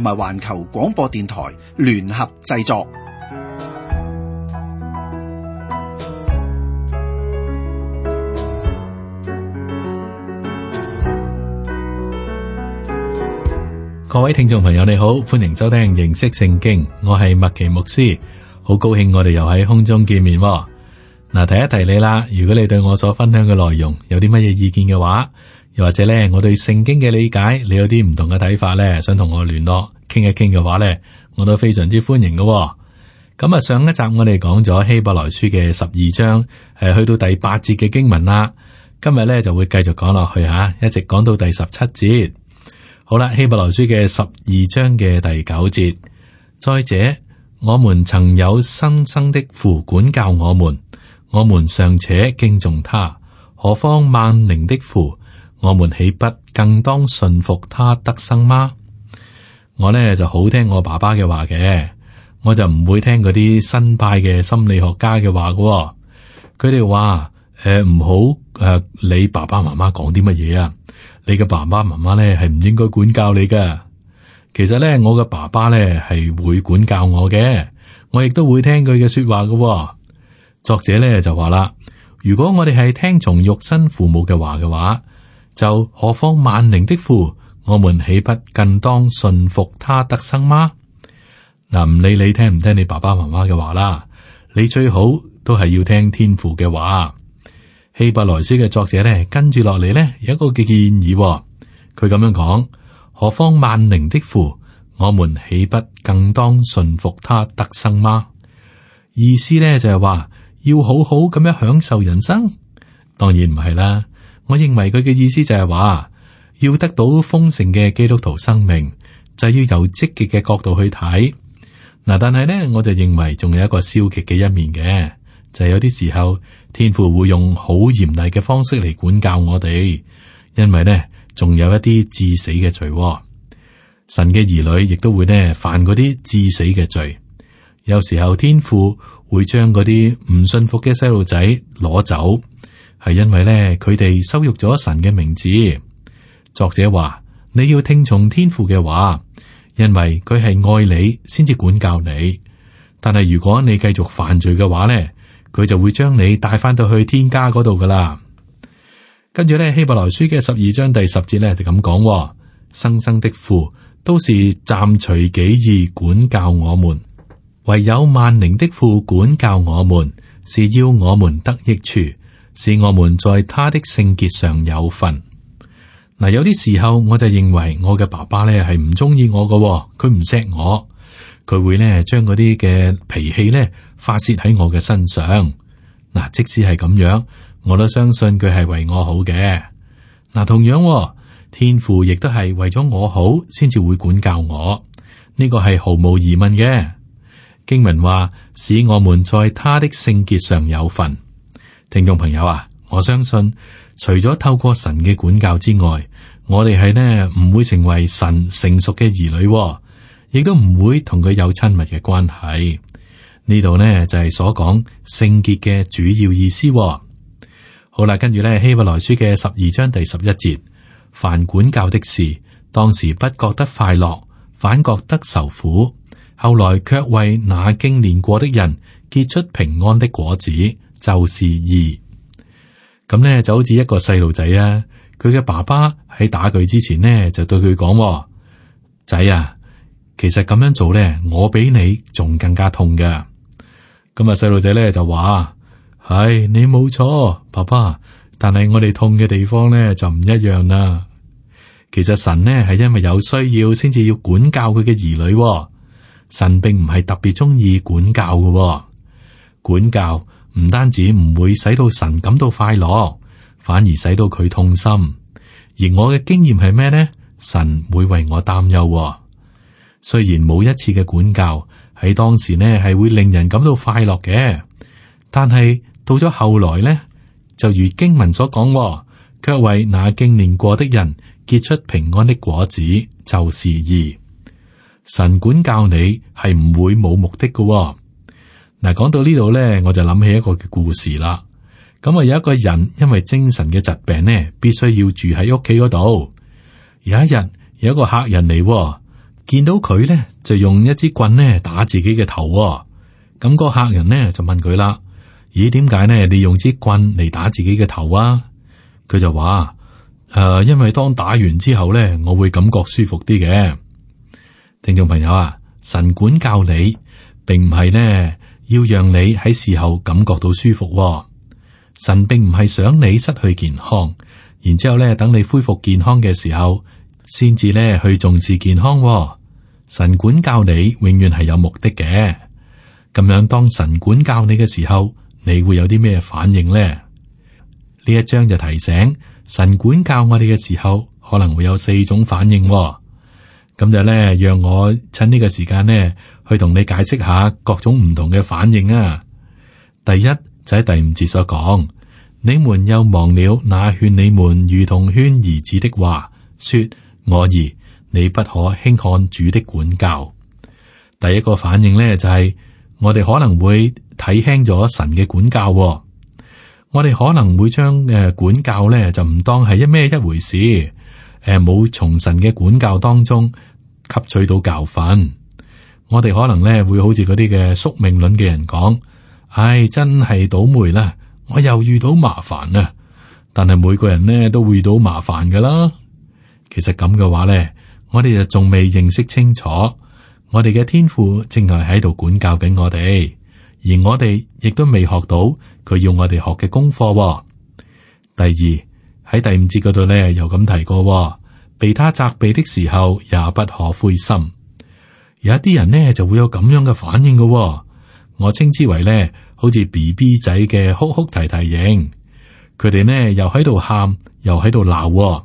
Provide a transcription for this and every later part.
同埋環球廣播電台聯合製作。各位聽眾朋友，你好，歡迎收聽認識聖經，我係麥奇牧師，好高興我哋又喺空中見面。嗱、啊，提一提你啦，如果你對我所分享嘅內容有啲乜嘢意見嘅話。又或者咧，我對聖經嘅理解，你有啲唔同嘅睇法咧，想同我聯絡傾一傾嘅話咧，我都非常之歡迎嘅。咁啊，上一集我哋講咗希伯來書嘅十二章，係去到第八節嘅經文啦。今日咧就會繼續講落去吓，一直講到第十七節。好啦，希伯來書嘅十二章嘅第九節，再者，我們曾有生身的父管教我們，我們尚且敬重他，何況萬靈的父？我們豈不更當信服他得生嗎？我咧就好聽我爸爸嘅話嘅，我就唔會聽嗰啲新派嘅心理學家嘅話嘅、哦。佢哋話誒，唔、呃、好誒、呃，你爸爸媽媽講啲乜嘢啊？你嘅爸爸媽媽咧係唔應該管教你嘅。其實咧，我嘅爸爸咧係會管教我嘅，我亦都會聽佢嘅說話嘅、哦。作者咧就話啦，如果我哋係聽從肉身父母嘅話嘅話。就何況萬靈的父，我們豈不更當信服他得生嗎？嗱、啊，唔理你聽唔聽你爸爸媽媽嘅話啦，你最好都係要聽天父嘅話。希伯來書嘅作者呢，跟住落嚟呢，有一個嘅建議、哦，佢咁樣講：何況萬靈的父，我們豈不更當信服他得生嗎？意思呢，就係、是、話要好好咁樣享受人生，當然唔係啦。我認為佢嘅意思就係話，要得到豐盛嘅基督徒生命，就要由積極嘅角度去睇。嗱、啊，但係咧，我就認為仲有一個消極嘅一面嘅，就係、是、有啲時候天父會用好嚴厲嘅方式嚟管教我哋，因為咧仲有一啲致死嘅罪惡、哦，神嘅兒女亦都會呢，犯嗰啲致死嘅罪。有時候天父會將嗰啲唔信服嘅細路仔攞走。係因為咧，佢哋羞辱咗神嘅名字。作者話：你要聽從天父嘅話，因為佢係愛你先至管教你。但係如果你繼續犯罪嘅話咧，佢就會將你帶翻到去天家嗰度噶啦。跟住咧，希伯來書嘅十二章第十節咧就咁講：生生的父都是暫隨己意管教我們，唯有萬靈的父管教我們，是要我們得益處。使我們在他的聖潔上有份嗱、啊，有啲時候我就認為我嘅爸爸咧係唔中意我嘅、哦，佢唔錫我，佢會呢將嗰啲嘅脾氣呢發洩喺我嘅身上嗱、啊。即使係咁樣，我都相信佢係為我好嘅嗱、啊。同樣、哦、天父亦都係為咗我好先至會管教我。呢個係毫無疑問嘅。經文話，使我們在他的聖潔上有份。聽眾朋友啊，我相信除咗透過神嘅管教之外，我哋係呢唔會成為神成熟嘅兒女、哦，亦都唔會同佢有親密嘅關係。呢度呢就係、是、所講聖潔嘅主要意思、哦。好啦，跟住呢希伯來書嘅十二章第十一節，凡管教的事，當時不覺得快樂，反覺得愁苦，後來卻為那經練過的人結出平安的果子。就是二咁咧，就好似一個細路仔啊，佢嘅爸爸喺打佢之前呢，就對佢講、哦，仔啊，其實咁樣做咧，我比你仲更加痛㗎。咁啊，細路仔咧就話，唉、哎，你冇錯，爸爸，但係我哋痛嘅地方咧就唔一樣啦。其實神呢，係因為有需要先至要管教佢嘅兒女、哦，神並唔係特別中意管教嘅、哦，管教。唔單止唔會使到神感到快樂，反而使到佢痛心。而我嘅經驗係咩呢？神會為我擔憂、哦。雖然冇一次嘅管教喺當時呢係會令人感到快樂嘅，但係到咗後來呢，就如經文所講、哦，却為那經練過的人結出平安的果子，就是義。神管教你係唔會冇目的嘅、哦。嗱，講到呢度咧，我就諗起一個故事啦。咁啊，有一個人因為精神嘅疾病咧，必須要住喺屋企嗰度。有一日，有一個客人嚟，見到佢咧就用一支棍咧打自己嘅頭。咁、那個客人咧就問佢啦：，咦，點解咧你用支棍嚟打自己嘅頭啊？佢就話：，誒、呃，因為當打完之後咧，我會感覺舒服啲嘅。聽眾朋友啊，神管教你，並唔係呢？要讓你喺事後感覺到舒服，哦，神並唔係想你失去健康，然之後咧等你恢復健康嘅時候，先至咧去重視健康，哦。神管教你永遠係有目的嘅，咁樣當神管教你嘅時候，你會有啲咩反應呢？呢一章就提醒神管教我哋嘅時候，可能會有四種反應，哦。咁就咧，讓我趁呢個時間呢。去同你解釋下各種唔同嘅反應啊！第一就喺、是、第五節所講，你們又忘了那勸你們如同勸兒子的話，說：我兒，你不可輕看主的管教。第一個反應咧就係、是、我哋可能會睇輕咗神嘅管教、哦，我哋可能會將誒、呃、管教咧就唔當係一咩一回事，誒、呃、冇從神嘅管教當中吸取到教訓。我哋可能咧會好似嗰啲嘅宿命論嘅人講，唉，真係倒霉啦！我又遇到麻煩啦。但係每個人咧都會遇到麻煩噶啦。其實咁嘅話咧，我哋就仲未認識清楚，我哋嘅天父正係喺度管教緊我哋，而我哋亦都未學到佢要我哋學嘅功課哦。第二，喺第五節嗰度咧，又咁提過，被他責備的時候，也不可灰心。有一啲人呢就會有咁樣嘅反應噶喎，我稱之為咧好似 BB 仔嘅哭哭啼啼型，佢哋呢又喺度喊，又喺度鬧。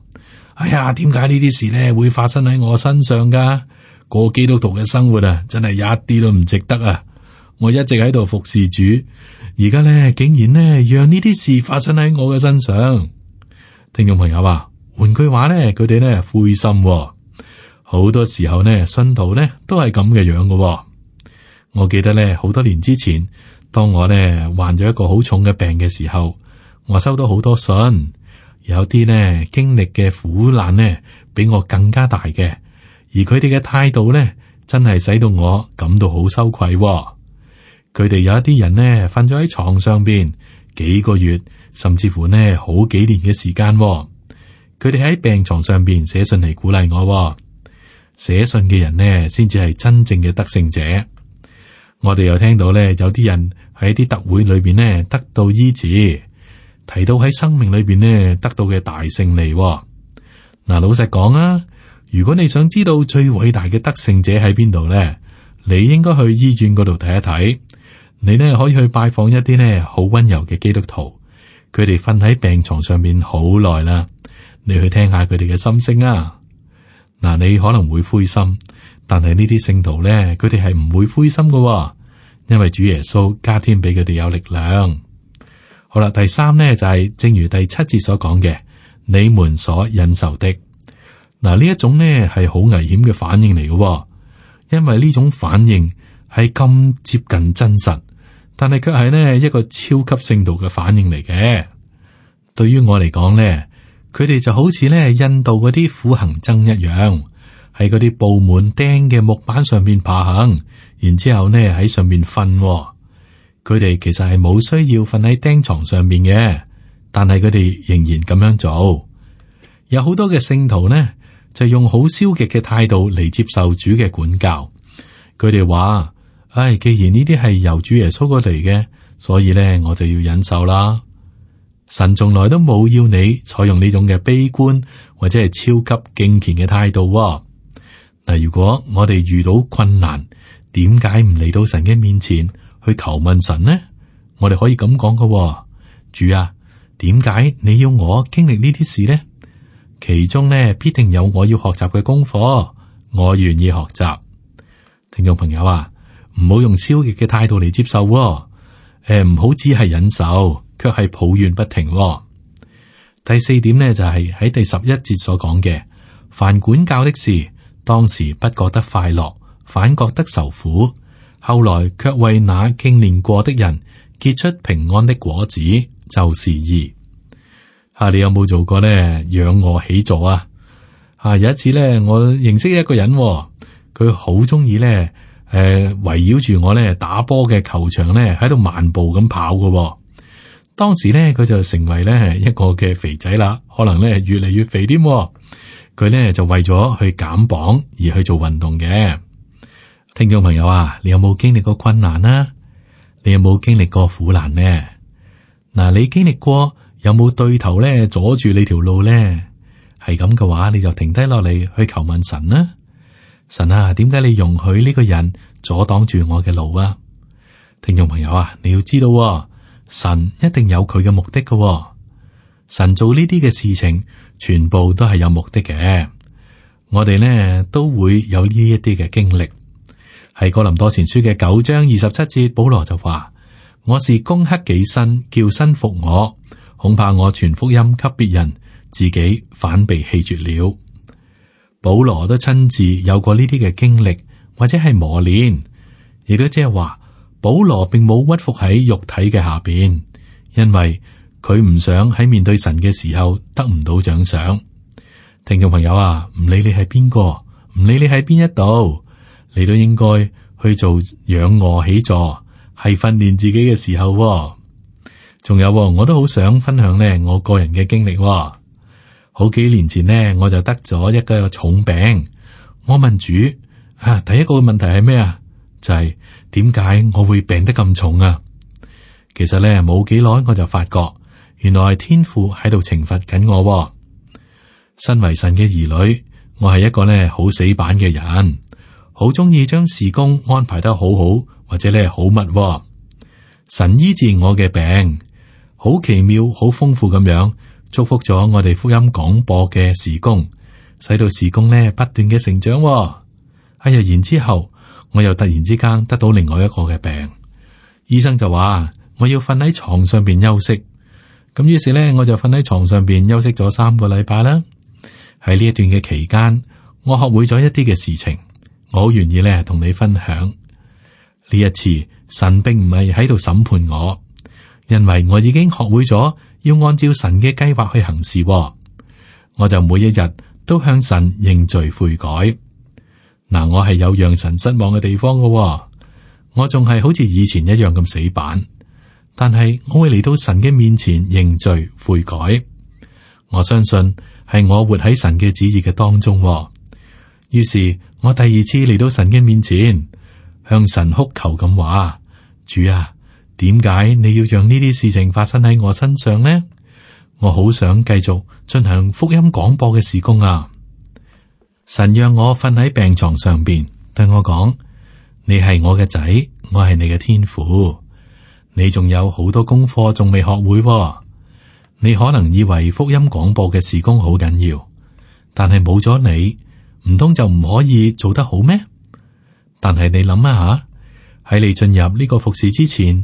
哎呀，點解呢啲事呢會發生喺我身上噶？過基督徒嘅生活啊，真係一啲都唔值得啊！我一直喺度服侍主，而家呢竟然呢讓呢啲事發生喺我嘅身上。聽眾朋友啊，換句話呢，佢哋呢灰心喎。好多時候咧，信徒咧都係咁嘅樣噶喎。我記得咧，好多年之前，當我咧患咗一個好重嘅病嘅時候，我收到好多信，有啲咧經歷嘅苦難咧，比我更加大嘅。而佢哋嘅態度咧，真係使到我感到好羞愧喎。佢哋有一啲人咧瞓咗喺床上邊幾個月，甚至乎呢好幾年嘅時間喎。佢哋喺病床上邊寫信嚟鼓勵我喎。寫信嘅人呢，先至係真正嘅得勝者。我哋又聽到咧，有啲人喺啲特會裏邊呢，得到醫治，提到喺生命裏邊呢，得到嘅大勝利。嗱，老實講啊，如果你想知道最偉大嘅得勝者喺邊度咧，你應該去醫院嗰度睇一睇。你呢，可以去拜訪一啲呢好溫柔嘅基督徒，佢哋瞓喺病床上面好耐啦。你去聽下佢哋嘅心聲啊！嗱，你可能會灰心，但係呢啲聖徒咧，佢哋係唔會灰心噶、哦，因為主耶穌加添俾佢哋有力量。好啦，第三咧就係、是，正如第七節所講嘅，你們所忍受的。嗱，呢一種咧係好危險嘅反應嚟嘅、哦，因為呢種反應係咁接近真實，但係卻係呢一個超級聖徒嘅反應嚟嘅。對於我嚟講咧。佢哋就好似咧印度嗰啲苦行僧一樣，喺嗰啲布滿釘嘅木板上面爬行，然之後咧喺上面瞓、哦。佢哋其實係冇需要瞓喺釘床上面嘅，但係佢哋仍然咁樣做。有好多嘅聖徒呢，就用好消極嘅態度嚟接受主嘅管教。佢哋話：唉、哎，既然呢啲係由主耶穌過嚟嘅，所以咧我就要忍受啦。神從來都冇要你採用呢種嘅悲觀或者係超級敬虔嘅態度哦。嗱，如果我哋遇到困難，點解唔嚟到神嘅面前去求問神呢？我哋可以咁講嘅，主啊，點解你要我經歷呢啲事呢？其中呢必定有我要學習嘅功課，我願意學習。聽眾朋友啊，唔好用消極嘅態度嚟接受哦，誒、呃，唔好只係忍受。卻係抱怨不停、哦。第四點呢，就係、是、喺第十一節所講嘅，凡管教的事，當時不覺得快樂，反覺得愁苦；後來卻為那經練過的人結出平安的果子，就是義。吓、啊、你有冇做過呢？仰臥起坐啊！吓、啊、有一次呢，我認識一個人、哦，佢好中意呢，誒、呃，圍繞住我呢打波嘅球場呢，喺度漫步咁跑嘅、哦。當時咧，佢就成為咧一個嘅肥仔啦，可能咧越嚟越肥添。佢咧就為咗去減磅而去做運動嘅。聽眾朋友啊，你有冇經歷過困難啊？你有冇經歷過苦難呢？嗱，你經歷過有冇對頭咧阻住你條路呢？係咁嘅話，你就停低落嚟去求問神啦、啊。神啊，點解你容許呢個人阻擋住我嘅路啊？聽眾朋友啊，你要知道、啊。神一定有佢嘅目的嘅，哦，神做呢啲嘅事情，全部都係有目的嘅。我哋呢都會有呢一啲嘅經歷，係哥林多前書嘅九章二十七節，保羅就話：我是攻克己身，叫身服我，恐怕我傳福音給別人，自己反被棄絕了。保羅都親自有過呢啲嘅經歷，或者係磨練，亦都即係話。保羅並冇屈服喺肉體嘅下邊，因為佢唔想喺面對神嘅時候得唔到獎賞。聽眾朋友啊，唔理你係邊個，唔理你喺邊一度，你都應該去做仰卧起坐，係訓練自己嘅時候喎。仲有喎，我都好想分享呢我個人嘅經歷喎。好幾年前呢，我就得咗一個重病。我問主啊，第一個問題係咩啊？就係、是。點解我會病得咁重啊？其實咧冇幾耐我就發覺，原來天父喺度懲罰緊我、哦。身為神嘅兒女，我係一個咧好死板嘅人，好中意將事工安排得好好，或者咧好密、哦。神醫治我嘅病，好奇妙，好豐富咁樣祝福咗我哋福音廣播嘅事工，使到事工咧不斷嘅成長、哦。哎呀，然之後。我又突然之間得到另外一個嘅病，醫生就話我要瞓喺床上邊休息。咁於是呢，我就瞓喺床上邊休息咗三個禮拜啦。喺呢一段嘅期間，我學會咗一啲嘅事情，我好願意咧同你分享。呢一次，神並唔係喺度審判我，因為我已經學會咗要按照神嘅計劃去行事。我就每一日都向神認罪悔改。嗱、啊，我係有讓神失望嘅地方嘅、哦，我仲係好似以前一樣咁死板。但係我會嚟到神嘅面前認罪悔改，我相信係我活喺神嘅旨意嘅當中、哦。於是我第二次嚟到神嘅面前，向神哭求咁話：主啊，點解你要讓呢啲事情發生喺我身上呢？我好想繼續進行福音廣播嘅事工啊！神讓我瞓喺病床上邊，對我講：你係我嘅仔，我係你嘅天父。你仲有好多功課仲未學會，哦，你可能以為福音廣播嘅事工好緊要，但係冇咗你，唔通就唔可以做得好咩？但係你諗一下，喺你進入呢個服侍之前，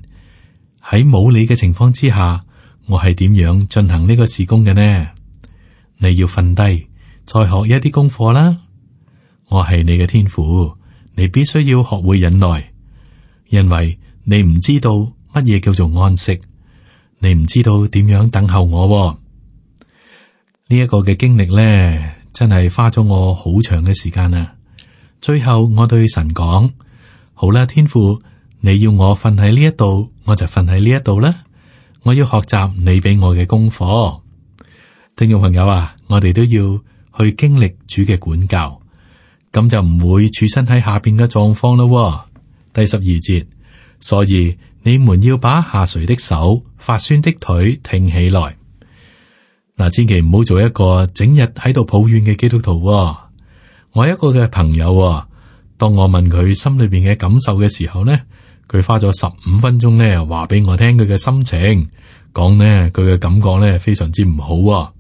喺冇你嘅情況之下，我係點樣進行呢個事工嘅呢？你要瞓低。再學一啲功課啦！我係你嘅天父，你必須要學會忍耐，因為你唔知道乜嘢叫做安息，你唔知道點樣等候我、哦。這個、呢一個嘅經歷咧，真係花咗我好長嘅時間啊！最後我對神講：好啦，天父，你要我瞓喺呢一度，我就瞓喺呢一度啦。我要學習你俾我嘅功課。聽眾朋友啊，我哋都要。去經歷主嘅管教，咁就唔會處身喺下邊嘅狀況咯。第十二節，所以你們要把下垂的手、發酸的腿挺起來。嗱，千祈唔好做一個整日喺度抱怨嘅基督徒喎。我一個嘅朋友，當我問佢心裏邊嘅感受嘅時候咧，佢花咗十五分鐘咧話俾我聽佢嘅心情，講呢佢嘅感覺咧非常之唔好啊。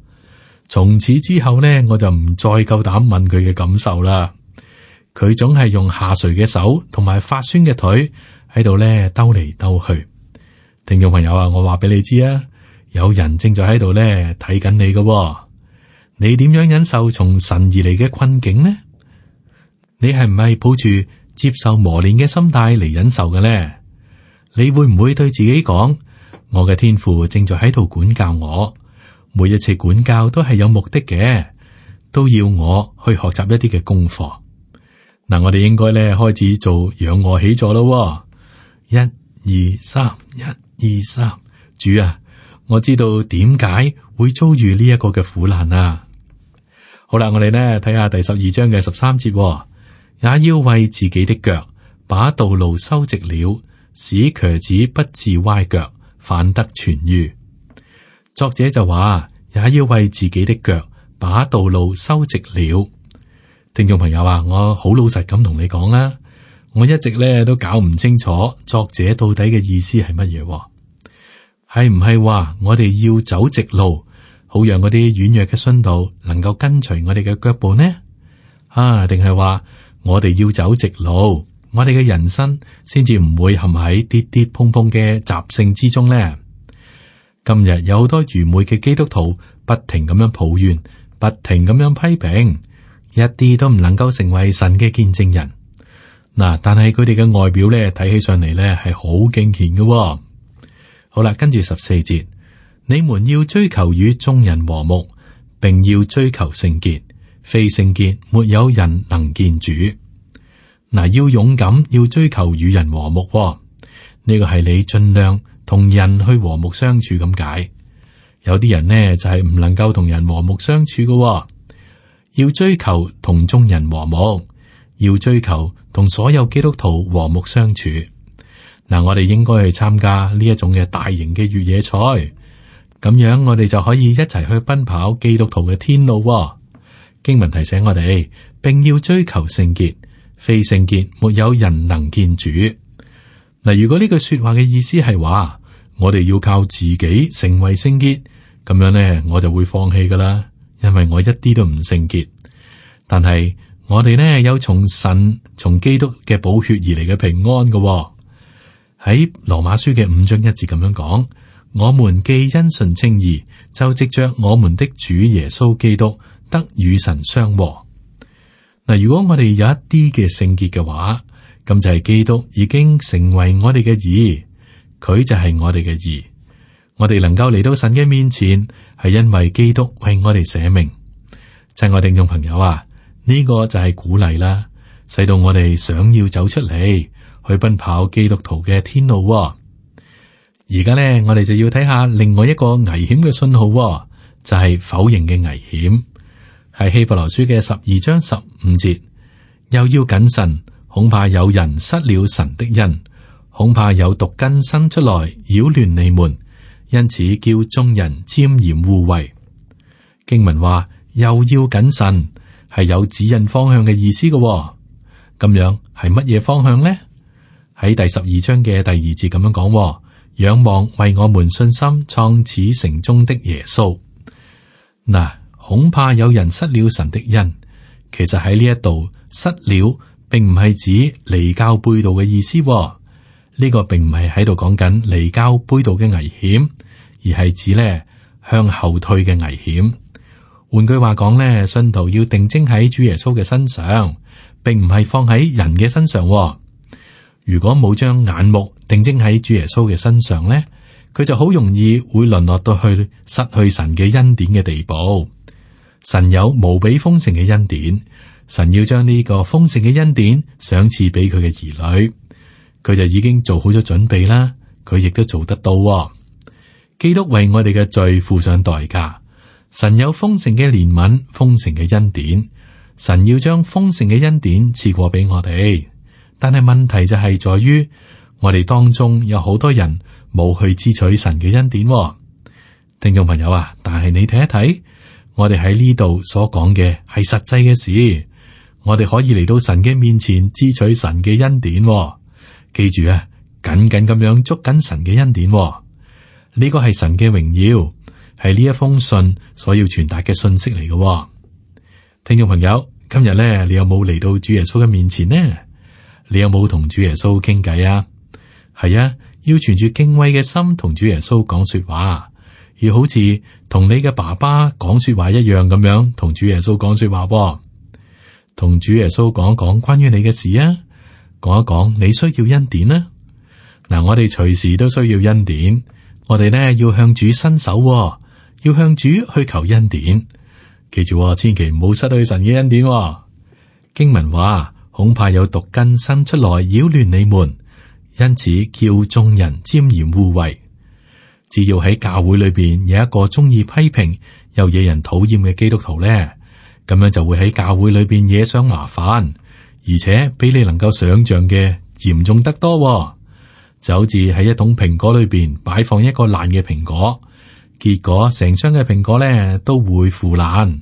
從此之後呢，我就唔再夠膽問佢嘅感受啦。佢總係用下垂嘅手同埋發酸嘅腿喺度咧兜嚟兜去。聽眾朋友啊，我話俾你知啊，有人正在喺度咧睇緊你㗎喎。你點樣忍受從神而嚟嘅困境呢？你係唔係抱住接受磨練嘅心態嚟忍受嘅呢？你會唔會對自己講：我嘅天父正在喺度管教我？每一次管教都係有目的嘅，都要我去學習一啲嘅功課。嗱、啊，我哋應該咧開始做仰臥起坐咯。一、二、三，一、二、三。主啊，我知道點解會遭遇呢一個嘅苦難啊！好啦，我哋呢睇下第十二章嘅十三節，也要為自己的腳把道路修直了，使瘸子不至歪腳，反得痊愈。作者就話，也要為自己的腳把道路修直了。聽眾朋友啊，我好老實咁同你講啦，我一直咧都搞唔清楚作者到底嘅意思係乜嘢，係唔係話我哋要走直路，好讓嗰啲軟弱嘅信道能夠跟隨我哋嘅腳步呢？啊，定係話我哋要走直路，我哋嘅人生先至唔會陷喺跌跌碰碰嘅習性之中呢？今日有好多愚昧嘅基督徒，不停咁樣抱怨，不停咁樣批評，一啲都唔能夠成為神嘅見證人。嗱、啊，但係佢哋嘅外表咧，睇起上嚟咧係好敬虔嘅。好啦，跟住十四節， 你們要追求與眾人和睦，並要追求聖潔，非聖潔沒有人能見主。嗱、啊，要勇敢，要追求與人和睦，哦、呢，這個係你盡量。同人去和睦相處咁解，有啲人呢就係、是、唔能夠同人和睦相處嘅、哦，要追求同眾人和睦，要追求同所有基督徒和睦相處。嗱、嗯，我哋應該去參加呢一種嘅大型嘅越野賽，咁樣我哋就可以一齊去奔跑基督徒嘅天路、哦。經文提醒我哋，並要追求聖潔，非聖潔沒有人能見主。嗱、嗯，如果呢句說話嘅意思係話。我哋要靠自己成為聖潔，咁樣呢，我就會放棄噶啦，因為我一啲都唔聖潔。但係我哋呢，有從神、從基督嘅寶血而嚟嘅平安嘅、哦，喺羅馬書嘅五章一節咁樣講：我們既因信稱義，就藉着我們的主耶穌基督得與神相和。嗱，如果我哋有一啲嘅聖潔嘅話，咁就係基督已經成為我哋嘅義。佢就係我哋嘅義，我哋能夠嚟到神嘅面前，係因為基督為我哋捨命。親愛聽眾朋友啊，呢、這個就係鼓勵啦，使到我哋想要走出嚟去奔跑基督徒嘅天路、哦。而家呢，我哋就要睇下另外一個危險嘅信號、哦，就係、是、否認嘅危險。係希伯來書嘅十二章十五節，又要謹慎，恐怕有人失了神的恩。恐怕有毒根生出來擾亂你們，因此叫眾人沾染污穢。經文話又要謹慎，係有指引方向嘅意思嘅、哦。咁樣係乜嘢方向呢？喺第十二章嘅第二節咁樣講、哦，仰望為我們信心創始成終的耶穌嗱。恐怕有人失了神的恩，其實喺呢一度失了，並唔係指離教背道嘅意思、哦。呢個並唔係喺度講緊離交杯道嘅危險，而係指咧，向後退嘅危險。換句話講咧，信徒要定睛喺主耶穌嘅身上，並唔係放喺人嘅身上。如果冇將眼目定睛喺主耶穌嘅身上咧，佢就好容易會淪落到去失去神嘅恩典嘅地步。神有無比豐盛嘅恩典，神要將呢個豐盛嘅恩典賞賜俾佢嘅兒女。佢就已經做好咗準備啦。佢亦都做得到，哦。基督為我哋嘅罪付上代價。神有豐盛嘅憐憫，豐盛嘅恩典。神要將豐盛嘅恩典賜過俾我哋，但係問題就係在於我哋當中有好多人冇去支取神嘅恩典，哦。聽眾朋友啊，但係你睇一睇我哋喺呢度所講嘅係實際嘅事，我哋可以嚟到神嘅面前支取神嘅恩典，哦。記住啊，緊緊咁樣捉緊神嘅恩典、哦，呢、這個係神嘅榮耀，係呢一封信所要傳達嘅信息嚟嘅、哦。聽眾朋友，今日咧，你有冇嚟到主耶穌嘅面前呢？你有冇同主耶穌傾偈啊？係啊，要存住敬畏嘅心同主耶穌講說話，要好似同你嘅爸爸講說話一樣咁樣同主耶穌講說話，同主耶穌講講關於你嘅事啊！講一講你需要恩典啦，嗱，我哋隨時都需要恩典，我哋呢要向主伸手、哦，要向主去求恩典。記住、哦，千祈唔好失去神嘅恩典、哦。經文話，恐怕有毒根生出來擾亂你們，因此叫眾人沾染污穢。只要喺教會裏邊有一個中意批評又惹人討厭嘅基督徒咧，咁樣就會喺教會裏邊惹上麻煩。而且比你能夠想象嘅嚴重得多，哦，就好似喺一桶蘋果裏邊擺放一個爛嘅蘋果，結果成箱嘅蘋果咧都會腐爛。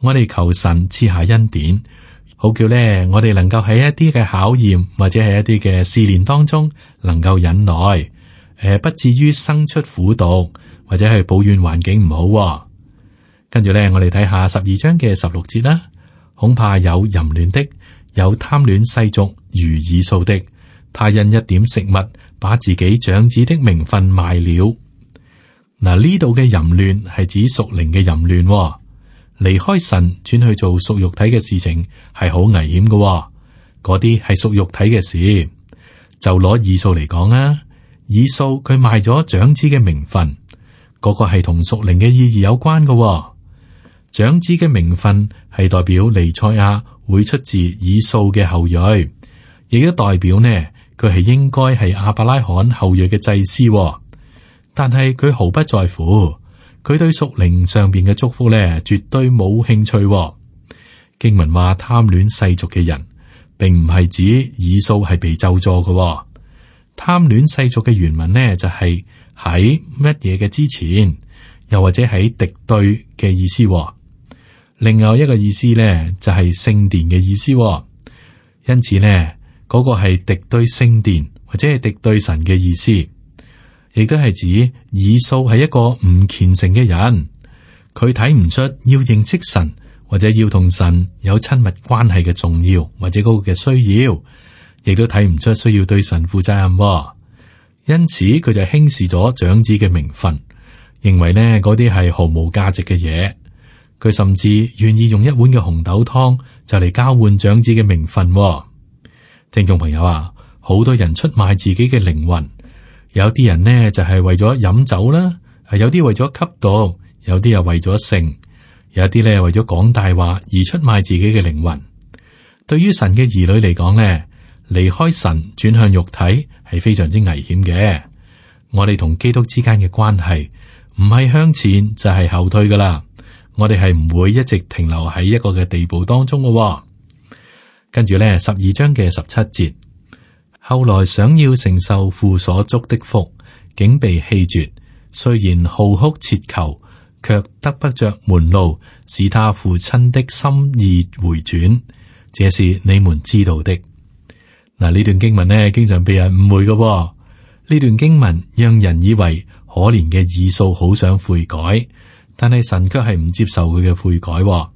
我哋求神賜下恩典，好叫咧我哋能夠喺一啲嘅考驗或者係一啲嘅試煉當中，能夠忍耐，誒，不至於生出苦毒，或者係抱怨環境唔好，哦。跟住咧，我哋睇下十二章嘅十六節啦，恐怕有淫亂的。有貪戀世俗如以掃的，他因一點食物，把自己長子的名分賣了。嗱呢度嘅淫亂係指屬靈嘅淫亂、哦，離開神轉去做屬肉體嘅事情係好危險嘅、哦。嗰啲係屬肉體嘅事，就攞以掃嚟講啊，以掃佢賣咗長子嘅名分，嗰個係同屬靈嘅意義有關嘅、哦。長子嘅名分係代表彌賽亞，會出自以掃嘅後裔，亦都代表呢佢係應該係亞伯拉罕後裔嘅祭司、哦。但係佢毫不在乎，佢對屬靈上邊嘅祝福呢，絕對冇興趣、哦。經文話貪戀世俗嘅人，並唔係指以掃係被咒詛嘅、哦。貪戀世俗嘅原文呢，就係喺乜嘢嘅之前，又或者喺敵對嘅意思、哦。另外一個意思咧，就係、是、聖殿嘅意思、哦，因此呢，嗰、那個係敵對聖殿或者係敵對神嘅意思，亦都係指以掃係一個唔虔誠嘅人，佢睇唔出要認識神或者要同神有親密關係嘅重要或者嗰個嘅需要，亦都睇唔出需要對神負責任、哦，因此佢就輕視咗長子嘅名分，認為呢嗰啲係毫無價值嘅嘢。佢甚至願意用一碗嘅紅豆湯就嚟交換長子嘅名分、哦。聽眾朋友啊，好多人出賣自己嘅靈魂，有啲人呢，就係、是、為咗飲酒啦，係有啲為咗吸毒，有啲又為咗性，有啲咧為咗講大話而出賣自己嘅靈魂。對於神嘅兒女嚟講呢，離開神轉向肉體係非常之危險嘅。我哋同基督之間嘅關係唔係向前就係後退噶啦。我哋係唔會一直停留喺一個嘅地步當中嘅、哦，跟住呢十二章嘅十七節，後來想要承受父所祝的福，竟被棄絕。雖然號哭切求，卻得不着門路，使他父親的心意回轉。這是你們知道的。嗱，呢段經文呢，經常被人誤會嘅、哦。呢段經文讓人以為可憐嘅以掃好想悔改。但係神卻係唔接受佢嘅悔改、哦。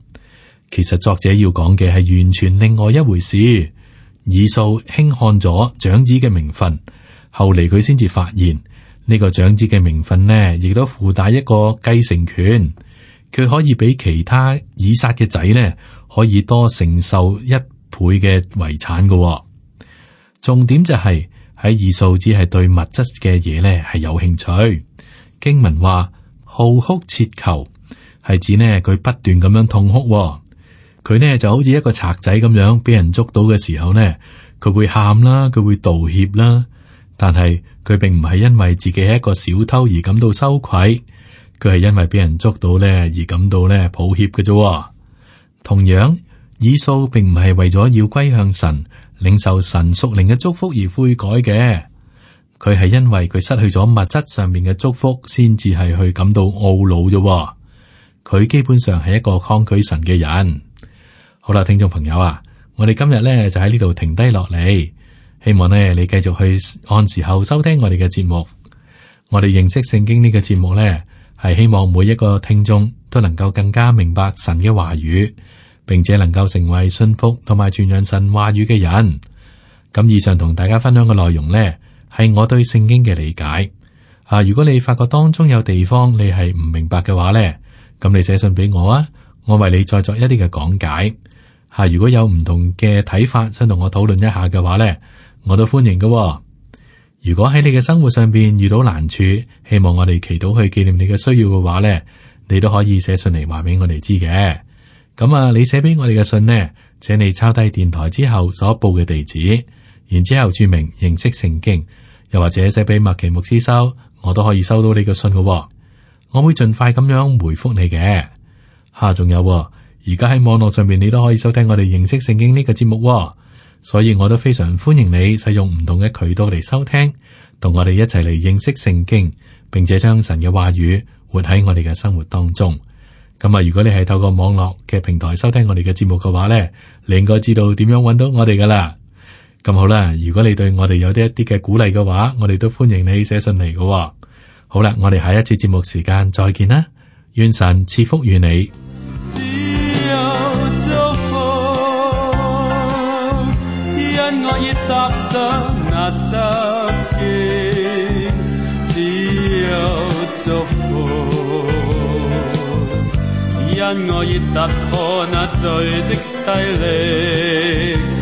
其實作者要講嘅係完全另外一回事。以掃輕看咗長子嘅名分，後嚟佢先至發現呢、呢個長子嘅名分呢，亦都附帶一個繼承權，佢可以比其他以撒嘅仔呢，可以多承受一倍嘅遺產噶、哦。重點就係喺以掃只係對物質嘅嘢呢係有興趣。經文話。號哭切求係指呢，佢不斷咁樣痛哭、哦，佢呢就好似一個賊仔咁樣，俾人捉到嘅時候呢，佢會喊啦，佢會道歉啦，但係佢並唔係因為自己係一個小偷而感到羞愧，佢係因為俾人捉到呢而感到呢抱歉嘅啫。、哦。同樣，以掃並唔係為咗要歸向神，領受神屬靈嘅祝福而悔改嘅。佢係因為佢失去咗物質上面嘅祝福，先至係去感到懊惱啫。佢基本上係一個抗拒神嘅人。好啦，聽眾朋友啊，我哋今日咧就喺呢度停低落嚟，希望呢你繼續去按時候收聽我哋嘅節目。我哋認識聖經呢個節目呢，係希望每一個聽眾都能夠更加明白神嘅話語，並且能夠成為信服同埋傳揚神話語嘅人。咁以上同大家分享嘅內容呢。係我對聖經嘅理解啊！如果你發覺當中有地方你係唔明白嘅話呢，咁你寫信俾我啊，我為你再作一啲嘅講解吓啊。如果有唔同嘅睇法，想同我討論一下嘅話呢，我都歡迎嘅哦。如果喺你嘅生活上邊遇到難處，希望我哋祈禱去紀念你嘅需要嘅話呢，你都可以寫信嚟話俾我哋知嘅。咁啊，你寫俾我哋嘅信呢，請你抄低電台之後所報嘅地址，然之後注明認識聖經。又或者寫俾麥奇牧師收，我都可以收到呢個信嘅，哦。我會盡快咁樣回復你嘅。吓、啊，仲有，哦，而家喺網絡上面，你都可以收聽我哋認識聖經呢，呢個節目，哦。所以我都非常歡迎你使用唔同嘅渠道嚟收聽，同我哋一齊嚟認識聖經，並且將神嘅話語活喺我哋嘅生活當中。咁，嗯、啊，如果你係透過網絡嘅平台收聽我哋嘅節目嘅話呢，你應該知道點樣搵到我哋噶啦。咁好啦，如果你對我哋有啲一啲嘅鼓勵嘅話，我哋都歡迎你寫信嚟嘅哦。好啦，我哋下一次節目時間再見啦，願神賜福與你。只有祝福，因我已踏上那窄徑；只有祝福，因我已突破那罪的勢力。